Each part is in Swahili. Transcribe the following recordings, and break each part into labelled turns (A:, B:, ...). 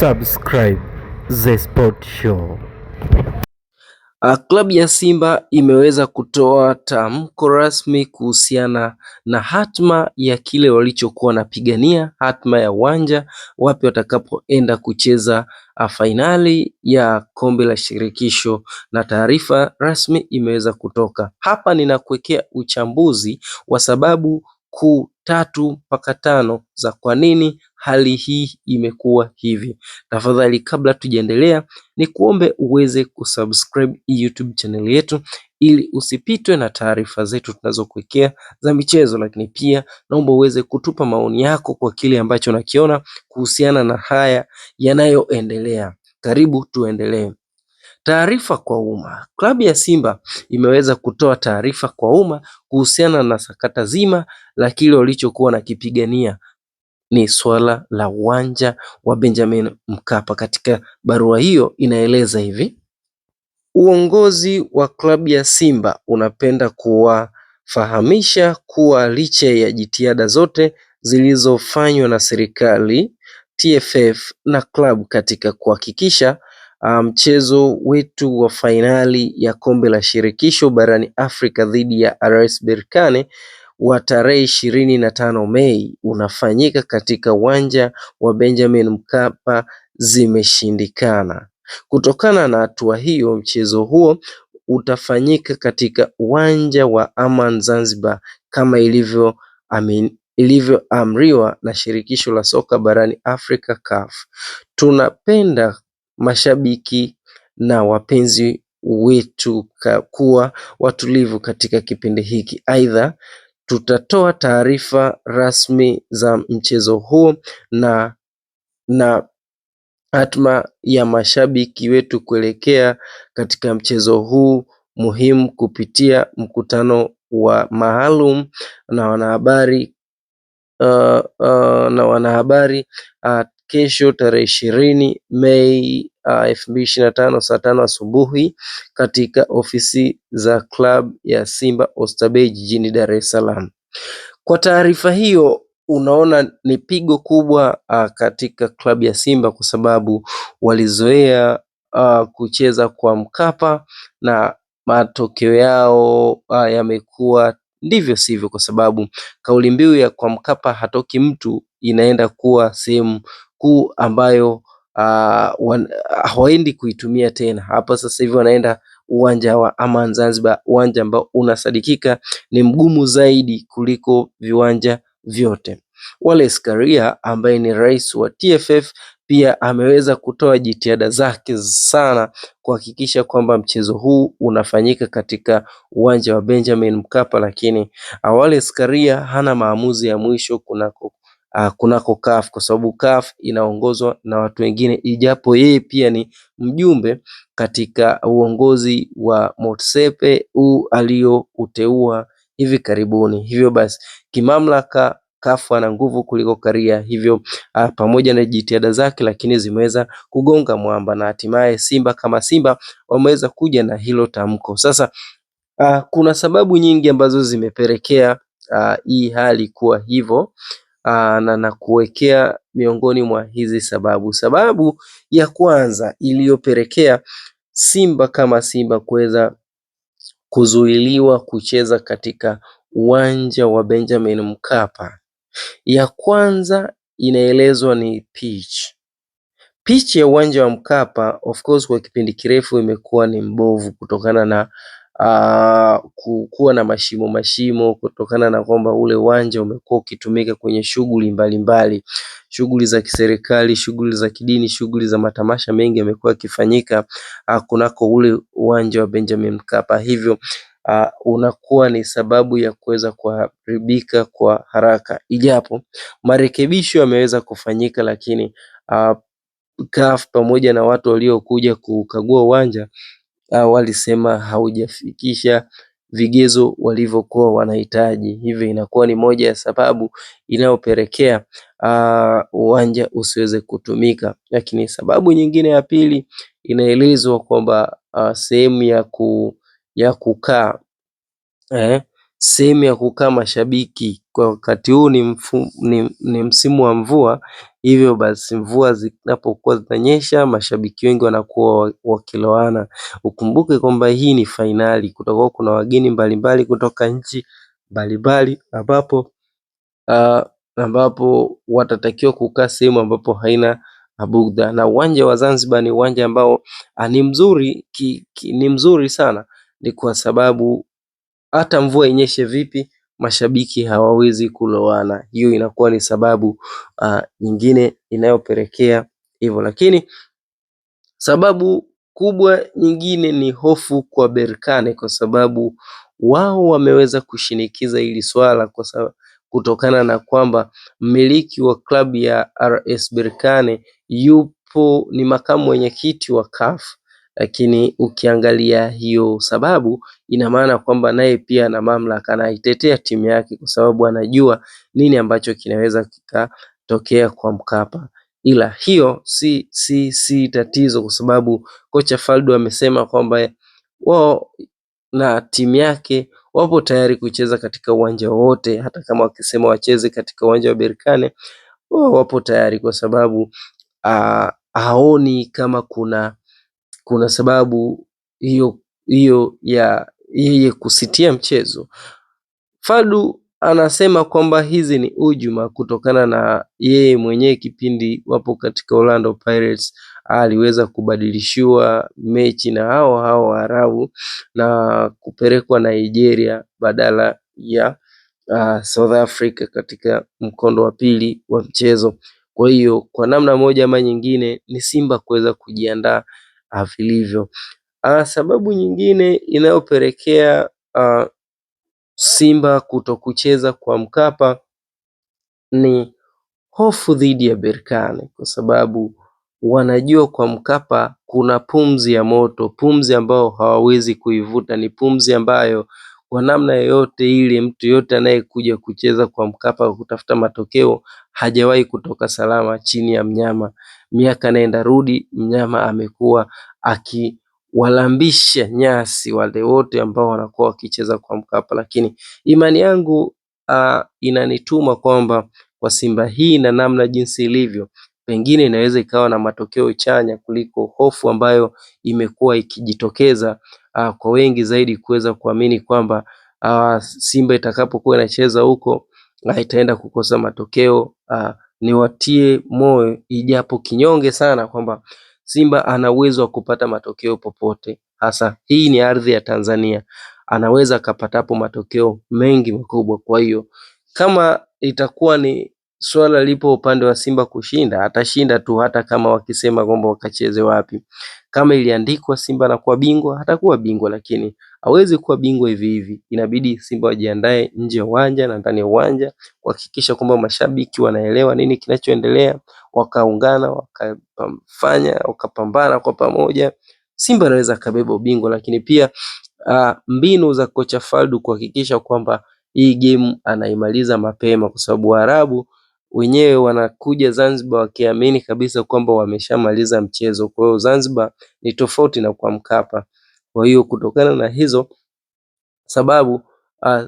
A: Subscribe The Sport Show. Klabu ah, ya Simba imeweza kutoa tamko rasmi kuhusiana na hatma ya kile walichokuwa wanapigania, hatma ya uwanja wapi watakapoenda kucheza ah, fainali ya kombe la shirikisho, na taarifa rasmi imeweza kutoka. Hapa ninakuwekea uchambuzi wa sababu kuu tatu mpaka tano za kwa nini hali hii imekuwa hivi. Tafadhali kabla tujaendelea, ni kuombe uweze kusubscribe YouTube channel yetu ili usipitwe na taarifa zetu tunazokuwekea za michezo, lakini pia naomba uweze kutupa maoni yako kwa kile ambacho unakiona kuhusiana na haya yanayoendelea. Karibu tuendelee. Taarifa kwa umma. Klabu ya Simba imeweza kutoa taarifa kwa umma kuhusiana na sakata zima la kile walichokuwa wanakipigania ni swala la uwanja wa Benjamin Mkapa. Katika barua hiyo inaeleza hivi: uongozi wa klabu ya Simba unapenda kuwafahamisha kuwa licha ya jitihada zote zilizofanywa na serikali, TFF na klabu katika kuhakikisha Uh, mchezo wetu wa fainali ya kombe la shirikisho barani Afrika dhidi ya RS Berkane wa tarehe ishirini na tano Mei unafanyika katika uwanja wa Benjamin Mkapa zimeshindikana. Kutokana na hatua hiyo, mchezo huo utafanyika katika uwanja wa Aman Zanzibar kama ilivyo amin ilivyoamriwa na shirikisho la soka barani Afrika CAF. Tunapenda mashabiki na wapenzi wetu kuwa watulivu katika kipindi hiki. Aidha, tutatoa taarifa rasmi za mchezo huo na na hatma ya mashabiki wetu kuelekea katika mchezo huu muhimu kupitia mkutano wa maalum na wanahabari uh, uh, na wanahabari uh, kesho tarehe ishirini Mei Uh, elfu mbili ishirini na tano saa tano asubuhi katika ofisi za klabu ya Simba Oysterbay jijini Dar es Salaam. Kwa taarifa hiyo unaona ni pigo kubwa uh, katika klabu ya Simba kwa sababu walizoea uh, kucheza kwa Mkapa na matokeo yao uh, yamekuwa ndivyo sivyo, kwa sababu kauli mbiu ya kwa Mkapa hatoki mtu inaenda kuwa sehemu kuu ambayo uh, hawaendi kuitumia tena. Hapa sasa hivi wanaenda uwanja wa Aman Zanzibar, uwanja ambao unasadikika ni mgumu zaidi kuliko viwanja vyote. Wallace Karia ambaye ni rais wa TFF pia ameweza kutoa jitihada zake sana kuhakikisha kwamba mchezo huu unafanyika katika uwanja wa Benjamin Mkapa, lakini uh, Wallace Karia hana maamuzi ya mwisho kunako Ah, kunako CUF kwa sababu CUF inaongozwa na watu wengine, ijapo yeye pia ni mjumbe katika uongozi wa Motsepe huu aliyouteua hivi karibuni. Hivyo basi kimamlaka CUF ana nguvu kuliko Karia, hivyo ah, pamoja na jitihada zake, lakini zimeweza kugonga mwamba na hatimaye Simba kama Simba wameweza kuja na hilo tamko. Sasa ah, kuna sababu nyingi ambazo zimepelekea hii hali kuwa hivyo na kuwekea miongoni mwa hizi sababu. Sababu ya kwanza iliyopelekea Simba kama Simba kuweza kuzuiliwa kucheza katika uwanja wa Benjamin Mkapa, ya kwanza inaelezwa ni pitch. Pitch ya uwanja wa Mkapa of course kwa kipindi kirefu imekuwa ni mbovu kutokana na Ah, kuwa na mashimo mashimo kutokana na kwamba ule uwanja umekuwa ukitumika kwenye shughuli mbalimbali, shughuli za kiserikali, shughuli za kidini, shughuli za matamasha mengi yamekuwa yakifanyika ah, kunako ule uwanja wa Benjamin Mkapa, hivyo ah, unakuwa ni sababu ya kuweza kuharibika kwa haraka, ijapo marekebisho yameweza kufanyika lakini CAF pamoja na watu waliokuja kukagua uwanja au alisema haujafikisha vigezo walivyokuwa wanahitaji, hivyo inakuwa ni moja ya sababu inayopelekea ah, uwanja usiweze kutumika. Lakini sababu nyingine ya pili inaelezwa kwamba ah, sehemu ya kukaa eh, Sehemu ya kukaa mashabiki kwa wakati huu ni msimu wa mvua, hivyo basi mvua zinapokuwa zinanyesha mashabiki wengi wanakuwa wakilowana. Ukumbuke kwamba hii ni fainali, kutakuwa kuna wageni mbalimbali kutoka nchi mbalimbali ambapo watatakiwa kukaa sehemu ambapo haina bugdha na uwanja wa Zanzibar ni uwanja ambao ni mzuri sana ni kwa sababu hata mvua inyeshe vipi mashabiki hawawezi kulowana. Hiyo inakuwa ni sababu uh, nyingine inayopelekea hivyo, lakini sababu kubwa nyingine ni hofu kwa Berkane kwa sababu wao wameweza kushinikiza hili swala kwa sababu, kutokana na kwamba mmiliki wa klabu ya RS Berkane yupo ni makamu mwenyekiti wa CAF lakini ukiangalia hiyo sababu ina maana kwamba naye pia ana mamlaka, anaitetea timu yake kwa sababu anajua nini ambacho kinaweza kikatokea kwa Mkapa, ila hiyo si, si, si tatizo kwa sababu kocha Faldo amesema kwamba wao na timu yake wapo tayari kucheza katika uwanja wote, hata kama wakisema wacheze katika uwanja wa Berkane wao wapo tayari kwa sababu aa, ah, haoni kama kuna kuna sababu hiyo ya yeye kusitia mchezo. Fadu anasema kwamba hizi ni ujuma kutokana na yeye mwenyewe kipindi wapo katika Orlando Pirates aliweza kubadilishiwa mechi na hao hao Waarabu na kupelekwa Nigeria badala ya uh, South Africa katika mkondo wa pili wa mchezo. Kwa hiyo kwa namna moja ama nyingine ni Simba kuweza kujiandaa vilivyo. Ah, sababu nyingine inayopelekea ah, Simba kutokucheza kwa Mkapa ni hofu dhidi ya Berkane, kwa sababu wanajua kwa Mkapa kuna pumzi ya moto, pumzi ambayo hawawezi kuivuta, ni pumzi ambayo kwa namna yoyote ile mtu yoyote anayekuja kucheza kwa Mkapa kutafuta matokeo hajawahi kutoka salama chini ya mnyama. Miaka naenda rudi mnyama amekuwa akiwalambisha nyasi wale wote ambao wanakuwa wakicheza kwa Mkapa, lakini imani yangu ah, inanituma kwamba kwa Simba hii na namna jinsi ilivyo pengine inaweza ikawa na matokeo chanya kuliko hofu ambayo imekuwa ikijitokeza ah, kwa wengi zaidi kuweza kuamini kwamba ah, Simba itakapokuwa inacheza huko ah, itaenda kukosa matokeo. Niwatie moyo ijapo kinyonge sana kwamba Simba ana uwezo wa kupata matokeo popote, hasa hii ni ardhi ya Tanzania, anaweza akapatapo matokeo mengi makubwa. Kwa hiyo kama itakuwa ni swala lipo upande wa Simba kushinda, atashinda tu, hata kama wakisema kwamba wakacheze wapi. Kama iliandikwa Simba kuwa bingwa, atakuwa bingwa, lakini hawezi kuwa bingwa hivi hivi. Inabidi Simba wajiandae nje ya uwanja na ndani ya uwanja kuhakikisha kwamba mashabiki wanaelewa nini kinachoendelea, wakaungana, wakafanya, wakapambana kwa pamoja. Simba anaweza akabeba ubingwa, lakini pia uh, mbinu za kocha Faldu kuhakikisha kwamba hii game anaimaliza mapema, kwa sababu Waarabu wenyewe wanakuja Zanzibar wakiamini kabisa kwamba wameshamaliza mchezo. Kwa hiyo Zanzibar ni tofauti na kwa Mkapa. Kwa hiyo kutokana na hizo sababu uh,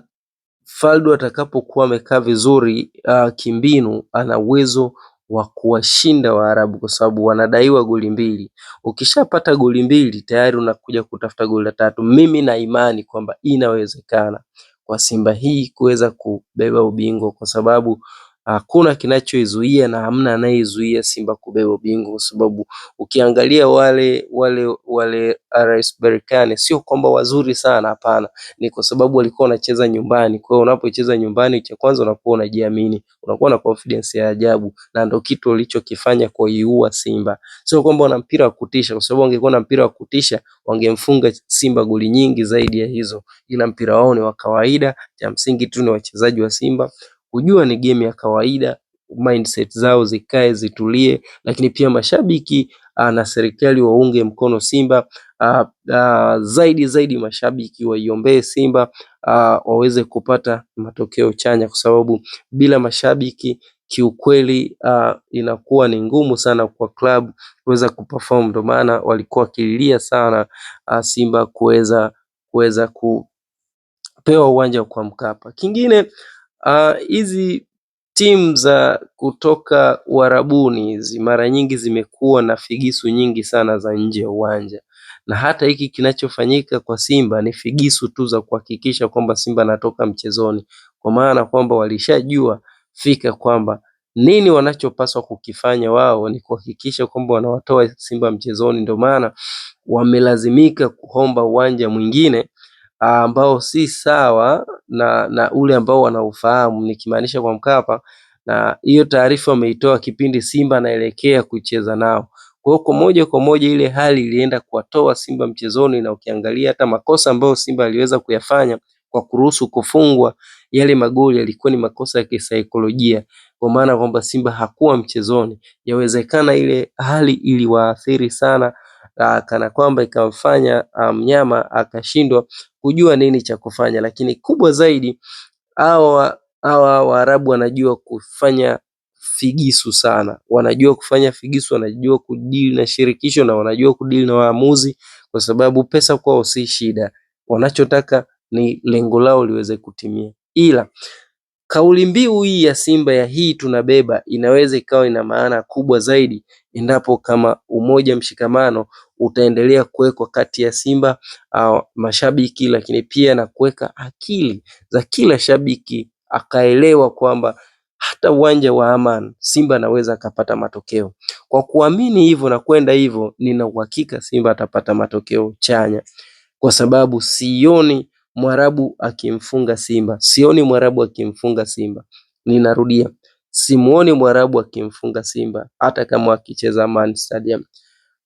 A: Faldo atakapokuwa amekaa vizuri uh, kimbinu, ana uwezo wa kuwashinda Waarabu kwa sababu wanadaiwa goli mbili. Ukishapata goli mbili tayari unakuja kutafuta goli la tatu. Mimi na imani kwamba inawezekana kwa Simba hii kuweza kubeba ubingwa kwa sababu hakuna kinachoizuia na hamna anayeizuia Simba kubeba ubingwa, kwa sababu ukiangalia wale wale wale RS Berkane sio kwamba wazuri sana, hapana, ni kwa sababu walikuwa wanacheza nyumbani. Kwa hiyo unapocheza nyumbani, cha kwanza unakuwa unajiamini, unakuwa na confidence ya ajabu, na ndio kitu walichokifanya kuiua Simba. Sio kwamba wana mpira wa kutisha, kwa sababu wangekuwa na mpira wa kutisha wangemfunga Simba goli nyingi zaidi ya hizo, ila mpira wao ni wa kawaida, cha msingi tu ni wachezaji wa Simba kujua ni game ya kawaida mindset zao zikae zitulie, lakini pia mashabiki ah, na serikali waunge mkono Simba uh, uh, zaidi zaidi mashabiki waiombee Simba uh, waweze kupata matokeo chanya, kwa sababu bila mashabiki kiukweli uh, inakuwa ni ngumu sana kwa klabu kuweza kuperform. Ndio maana walikuwa wakililia sana uh, Simba kuweza kuweza kupewa uwanja kwa Mkapa. Kingine Ah, hizi timu za kutoka uarabuni hizi mara nyingi zimekuwa na figisu nyingi sana za nje ya uwanja, na hata hiki kinachofanyika kwa Simba ni figisu tu za kuhakikisha kwamba Simba anatoka mchezoni, kwa maana kwamba walishajua fika kwamba nini wanachopaswa kukifanya wao ni kuhakikisha kwamba wanawatoa Simba mchezoni, ndio maana wamelazimika kuomba uwanja mwingine ambao si sawa na, na ule ambao wanaufahamu nikimaanisha kwa Mkapa, na hiyo taarifa wameitoa kipindi Simba anaelekea kucheza nao. Kwa hiyo moja kwa moja ile hali ilienda kuwatoa Simba mchezoni, na ukiangalia hata makosa ambayo Simba aliweza kuyafanya kwa kuruhusu kufungwa yale magoli yalikuwa ni makosa ya kisaikolojia, kwa maana kwamba Simba hakuwa mchezoni. Yawezekana ile hali iliwaathiri sana, kana kwamba ikamfanya ah, mnyama akashindwa kujua nini cha kufanya, lakini kubwa zaidi hawa Waarabu wanajua kufanya figisu sana, wanajua kufanya figisu, wanajua kudili na shirikisho na wanajua kudili na waamuzi, kwa sababu pesa kwao si shida, wanachotaka ni lengo lao liweze kutimia. Ila kauli mbiu hii ya Simba ya hii tunabeba inaweza ikawa ina maana kubwa zaidi endapo kama umoja, mshikamano utaendelea kuwekwa kati ya Simba mashabiki, lakini pia na kuweka akili za kila shabiki akaelewa kwamba hata uwanja wa Aman Simba anaweza akapata matokeo. Kwa kuamini hivyo na kwenda hivyo, nina uhakika Simba atapata matokeo chanya, kwa sababu sioni Mwarabu akimfunga Simba, sioni Mwarabu akimfunga Simba. Ninarudia, simuoni mwarabu akimfunga Simba hata kama akicheza Man Stadium.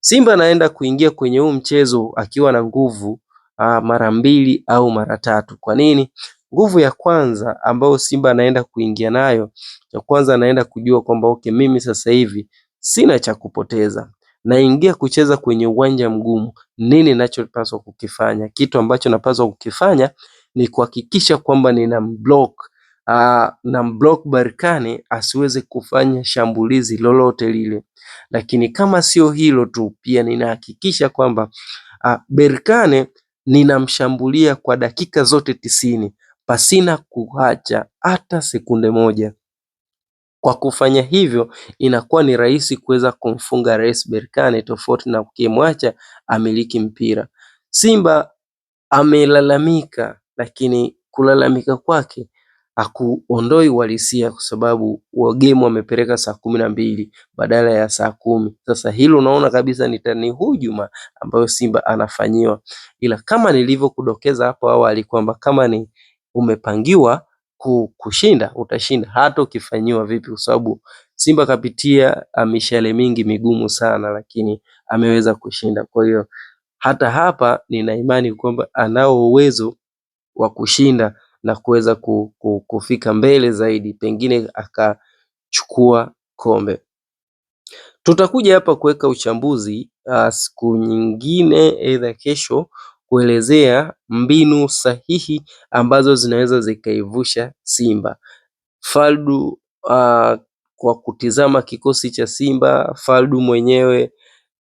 A: Simba anaenda kuingia kwenye huu mchezo akiwa na nguvu ah, mara mbili au mara tatu. Kwa nini? Nguvu ya kwanza ambayo Simba anaenda kuingia nayo, ya kwanza anaenda kujua kwamba okay, mimi sasa hivi sina cha kupoteza, naingia kucheza kwenye uwanja mgumu. Nini nachopaswa kukifanya? Kitu ambacho napaswa kukifanya ni kuhakikisha kwamba nina mblock Ah, na mblock Berkane asiweze kufanya shambulizi lolote lile, lakini kama sio hilo tu, pia ninahakikisha kwamba ah, Berkane ninamshambulia kwa dakika zote tisini pasina kuacha hata sekunde moja. Kwa kufanya hivyo, inakuwa ni rahisi kuweza kumfunga rais Berkane, tofauti na ukimwacha amiliki mpira. Simba amelalamika, lakini kulalamika kwake hakuondoi uhalisia kwa sababu wagemu wamepeleka saa kumi na mbili badala ya saa kumi. Sasa hilo unaona kabisa ni hujuma ambayo Simba anafanyiwa, ila kama nilivyokudokeza hapo awali kwamba kama ni umepangiwa kushinda utashinda hata ukifanyiwa vipi, kwa sababu Simba kapitia ah, mishale mingi migumu sana, lakini ameweza kushinda. Kwa hiyo hata hapa nina imani kwamba anao uwezo wa kushinda na kuweza kufika mbele zaidi, pengine akachukua kombe. Tutakuja hapa kuweka uchambuzi ah, siku nyingine, aidha kesho, kuelezea mbinu sahihi ambazo zinaweza zikaivusha Simba. Faldu uh, kwa kutizama kikosi cha Simba, Faldu mwenyewe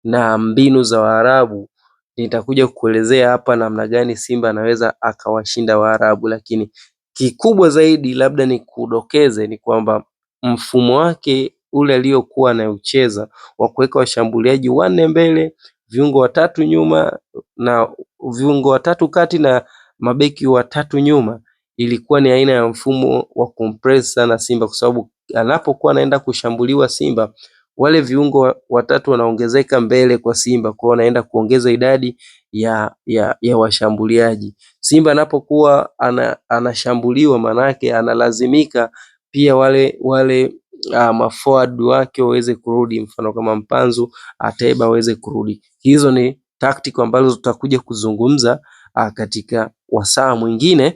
A: na mbinu za Waarabu Nitakuja kukuelezea hapa namna gani Simba anaweza akawashinda Waarabu, lakini kikubwa zaidi labda nikudokeze ni kwamba mfumo wake ule aliokuwa anaucheza wa kuweka washambuliaji wanne mbele, viungo watatu nyuma na viungo watatu kati na mabeki watatu nyuma, ilikuwa ni aina ya mfumo wa kumpress sana Simba kwa sababu anapokuwa anaenda kushambuliwa Simba wale viungo watatu wanaongezeka mbele kwa Simba, kwa wanaenda kuongeza idadi ya, ya, ya washambuliaji. Simba anapokuwa ana, anashambuliwa maanake analazimika pia wale wale uh, maforward wake waweze kurudi, mfano kama Mpanzu Ateba waweze kurudi. Hizo ni tactics ambazo tutakuja kuzungumza uh, katika wasaa mwingine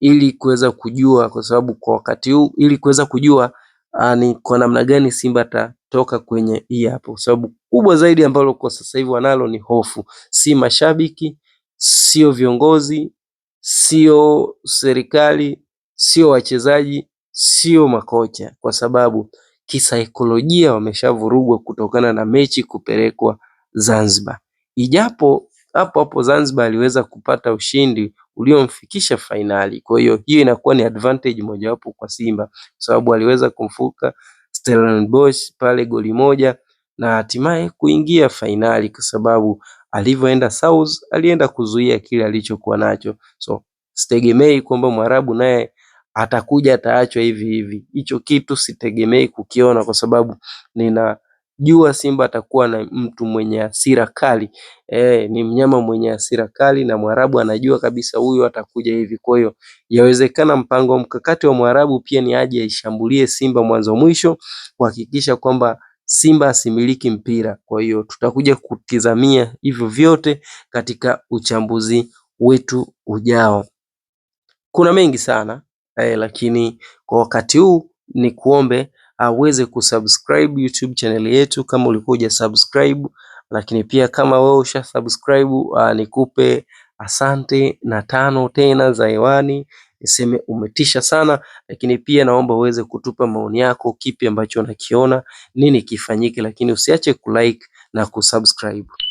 A: ili kuweza kujua kwa sababu kwa wakati huu ili kuweza kujua uh, ni kwa namna gani Simba toka kwenye hii hapo. Sababu kubwa zaidi ambalo kwa sasa hivi wanalo ni hofu, si mashabiki, sio viongozi, sio serikali, sio wachezaji, sio makocha, kwa sababu kisaikolojia wameshavurugwa kutokana na mechi kupelekwa Zanzibar, ijapo hapo hapo Zanzibar aliweza kupata ushindi uliomfikisha fainali. Kwa hiyo hiyo inakuwa ni advantage mojawapo kwa Simba, sababu aliweza kumfuka Stellenbosch pale goli moja na hatimaye kuingia fainali kwa sababu alivyoenda South alienda kuzuia kile alichokuwa nacho. So sitegemei kwamba Mwarabu naye atakuja ataachwa hivi hivi, hicho kitu sitegemei kukiona kwa sababu nina jua simba atakuwa na mtu mwenye hasira kali. Eh, ni mnyama mwenye hasira kali na mwarabu anajua kabisa huyu atakuja hivi, kwa hiyo yawezekana mpango mkakati wa mwarabu pia ni aje aishambulie simba mwanzo mwisho kuhakikisha kwamba simba asimiliki mpira. Kwa hiyo tutakuja kutizamia hivyo vyote katika uchambuzi wetu ujao. Kuna mengi sana e, lakini kwa wakati huu ni kuombe aweze kusubscribe YouTube channel yetu kama ulikuwa uja subscribe, lakini pia kama wewe usha subscribe uh, ah, nikupe asante na tano tena za hewani niseme umetisha sana, lakini pia naomba uweze kutupa maoni yako, kipi ambacho unakiona nini kifanyike, lakini usiache kulike na kusubscribe.